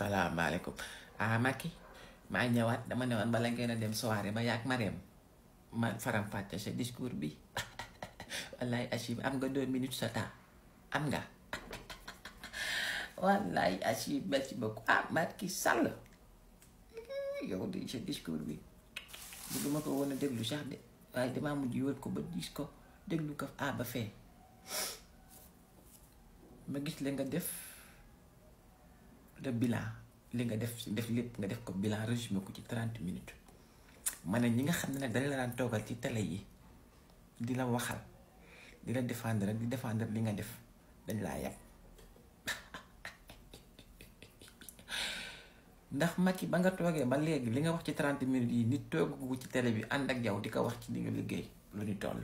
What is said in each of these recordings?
Assalamualaikum. ah maki ma nyawat dama nyawat balang kena dem soare ma yak marem. ma faram fatya se diskur bi wallaay asim am go deux minutes sata. am ga. wallaay Achim merci beaucoup ah Macky Sall Yo di se diskur bi bugguma ko wona a déglu sax de waaye damaa mu ko ba disko ko ko ah ba fe. ma gis le nga def de bilan li nga def def lepp nga def ko bilan resume ko ci 30 minutes mané ñi nga xamné nak nag dañ la daan togal ci télé yi di la waxal di la défendre di défendre li nga def dañ la yapp ndax maki ba nga togué ba légui li nga wax ci 30 minutes yi nit toogu ci télé bi and ak yow di ko wax ci ni nga liggéey lu ni toll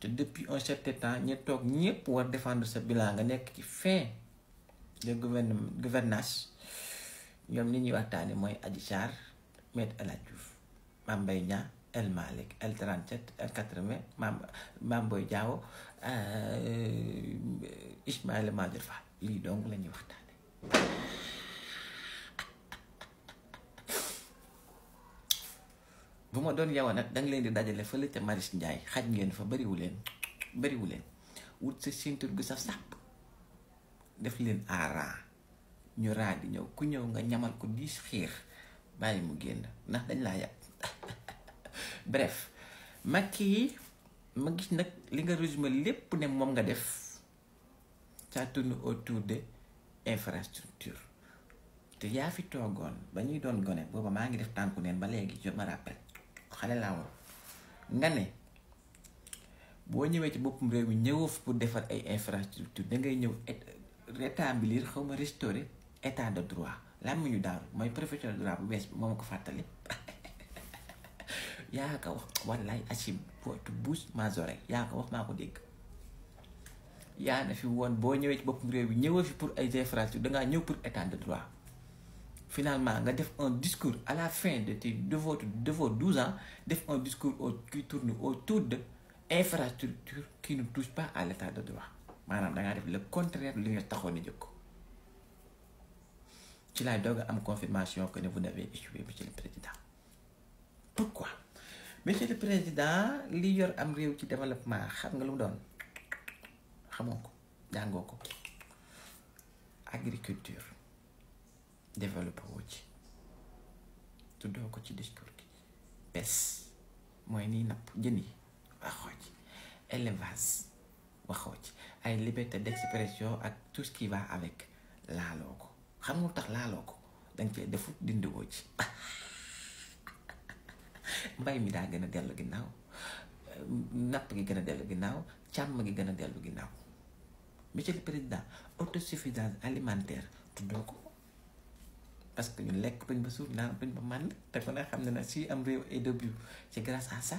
te depuis un certain temps ñi tok ñepp war défendre sa bilan nga nek ci fin de gouvernance ñoom li ñuy waxtaane mooy aji Sarr Maître El Hadji Diouf Mame Mbaye Niang El Malick El 37 El 80 Mame Mame Boye Diao euh, Ismaïla Madior Fall lii donc la ñuy waxtaane bu ma doon yow nag danga leen di dajale fële ca Maris Ndiaye xaj ngeen fa bariwu leen bariwu leen wut sa ceinture gu saf sàpp def leen ara ñu raa di ñëw ku ñew nga ñamal ko di xex bàyyi mu genn nak dañ la yàpp bref Macky ma gis nak li nga résumé lepp ne mom nga def ça tourne autour de infrastructure te ya fi togon ba ñuy doon gone booba ngi def tanku neen ba légui je me rappelle xalé la woon nga ne bo ñëwee ci bopum réew mi ñëwoo pour défar ay infrastructure da ngay ñëw rétablir xaw ma restaurer état de droit làmmiñu daaru mooy professeur de droit bu bees bi moo ma ko fàttali wax wallaay achim potu bouche mes oreilles yaa ko wax maa ko dégg na fi woon boo ñëwee ci boppam réew bi ñëwee fi pour ay infrastructures dangaa ñëw pour état de droit finalement nga def un discours à la fin de tes de vos de vos 12 ans def un discours qui tourne autour de qui ne touche pas à l'état de droit da nga def le contraire li nga taxone a ci la doga am confirmation que ne vous n'avez échoué monsieur le président pourquoi monsieur le président li yor am rew ci développement xam nga lu doon xamoko jangoko agriculture développé wu ci tuddoo ko ci discours ki pes moy ni nap jeni yi waxoo ci élevage waxoo ci ay liberté d'expression et tout ce qui va avec laaloo ko xamul tax laaloo ko danga cee defu dindiwoo ci mbay mi daa gën a dellu ginnaaw euh, napp gi gën a dellu ginnaaw càmm gi a dellu ginnaaw monsieur le président autosuffisance alimentaire tuddoo ko parce que ñu lekk duñ ba suuf naan duñ ba te ko na xam ne c'est grâce à ça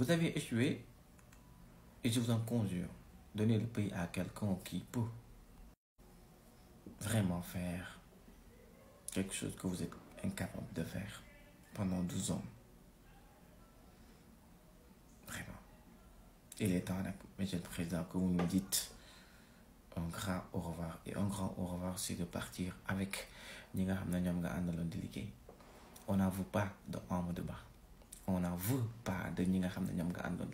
Vous avez échoué et je vous en conjure, donnez le pays à quelqu'un qui peut vraiment faire quelque chose que vous êtes incapable de faire pendant 12 ans. Vraiment. Il est temps, monsieur le président, que vous me dites un grand au revoir. Et un grand au revoir, c'est de partir avec On n'avoue pas de de bas on n'en veut pas de ñi nga xam ne nga àndoon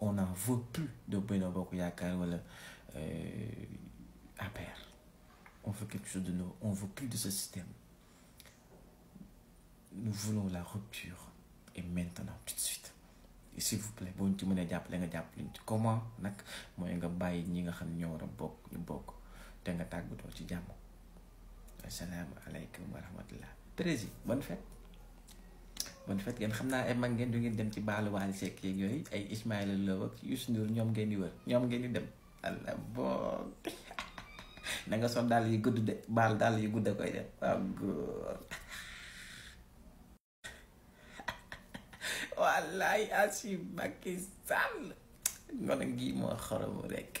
on n'en veut plus de Benno Bokk Yaakaar wala euh, on veut quelque chose de nous. on veut plus de ce système nous voulons la rupture et maintenant tout de suite et s'il vous plaît ci mënee nga comment nag mooy nga bàyyi ñi nga xam ne ñoo war a bokk ñu bokk te nga tàggatoo ci jàmm asalaamaaleykum wa rahmatullah bien. bonne fête bon fekk ngeen xam naa ay eh, mag ngeen du ngeen dem ci baalu Waly Seck yooyu ay Ismaïla Lo ak Youssou Ndour ñoom ngeen di wër ñoom ngeen di dem alla bon na sol dàll yu gudd de baal dàll yu gudd koy dem waaw góor wallaay asi Macky Sall ngoon ngi moo xoromu rek